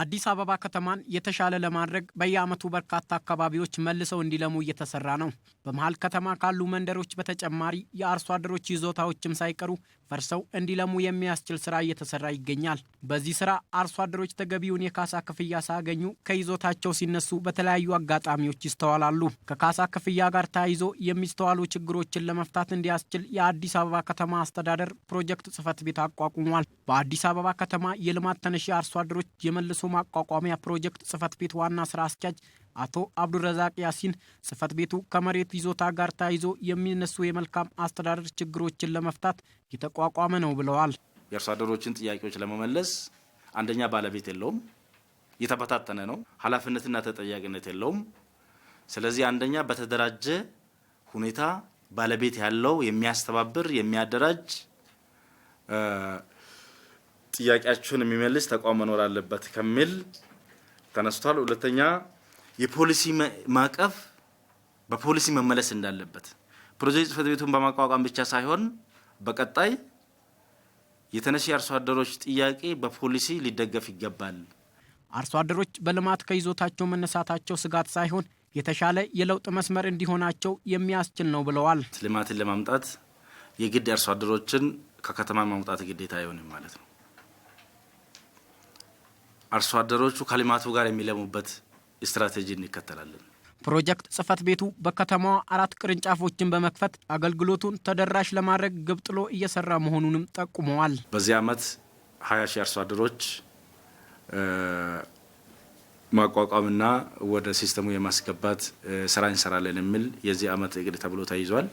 አዲስ አበባ ከተማን የተሻለ ለማድረግ በየዓመቱ በርካታ አካባቢዎች መልሰው እንዲለሙ እየተሰራ ነው። በመሀል ከተማ ካሉ መንደሮች በተጨማሪ የአርሶ አደሮች ይዞታዎችም ሳይቀሩ ፈርሰው እንዲለሙ የሚያስችል ስራ እየተሰራ ይገኛል። በዚህ ስራ አርሶ አደሮች ተገቢውን የካሳ ክፍያ ሳያገኙ ከይዞታቸው ሲነሱ በተለያዩ አጋጣሚዎች ይስተዋላሉ። ከካሳ ክፍያ ጋር ተያይዞ የሚስተዋሉ ችግሮችን ለመፍታት እንዲያስችል የአዲስ አበባ ከተማ አስተዳደር ፕሮጀክት ጽህፈት ቤት አቋቁሟል። በአዲስ አበባ ከተማ የልማት ተነሺ አርሶ አደሮች የመልሶ ማቋቋሚያ ፕሮጀክት ጽህፈት ቤት ዋና ስራ አስኪያጅ አቶ አብዱረዛቅ ያሲን ጽህፈት ቤቱ ከመሬት ይዞታ ጋር ተያይዞ የሚነሱ የመልካም አስተዳደር ችግሮችን ለመፍታት የተቋቋመ ነው ብለዋል። የአርሶ አደሮችን ጥያቄዎች ለመመለስ አንደኛ ባለቤት የለውም፣ የተበታተነ ነው፣ ኃላፊነትና ተጠያቂነት የለውም። ስለዚህ አንደኛ በተደራጀ ሁኔታ ባለቤት ያለው የሚያስተባብር የሚያደራጅ ጥያቄያችሁን የሚመልስ ተቋም መኖር አለበት ከሚል ተነስቷል። ሁለተኛ የፖሊሲ ማዕቀፍ በፖሊሲ መመለስ እንዳለበት ፕሮጀክት ጽሕፈት ቤቱን በማቋቋም ብቻ ሳይሆን በቀጣይ የተነሺ አርሶ አደሮች ጥያቄ በፖሊሲ ሊደገፍ ይገባል። አርሶ አደሮች በልማት ከይዞታቸው መነሳታቸው ስጋት ሳይሆን የተሻለ የለውጥ መስመር እንዲሆናቸው የሚያስችል ነው ብለዋል። ልማትን ለማምጣት የግድ አርሶ አደሮችን ከከተማ ማምጣት ግዴታ አይሆንም ማለት ነው። አርሶ አደሮቹ ከልማቱ ጋር የሚለሙበት ስትራቴጂ እንከተላለን። ፕሮጀክት ጽህፈት ቤቱ በከተማዋ አራት ቅርንጫፎችን በመክፈት አገልግሎቱን ተደራሽ ለማድረግ ግብ ጥሎ እየሰራ መሆኑንም ጠቁመዋል። በዚህ ዓመት ሀያ ሺህ አርሶ አደሮች ማቋቋምና ወደ ሲስተሙ የማስገባት ስራ እንሰራለን የሚል የዚህ ዓመት እቅድ ተብሎ ተይዟል።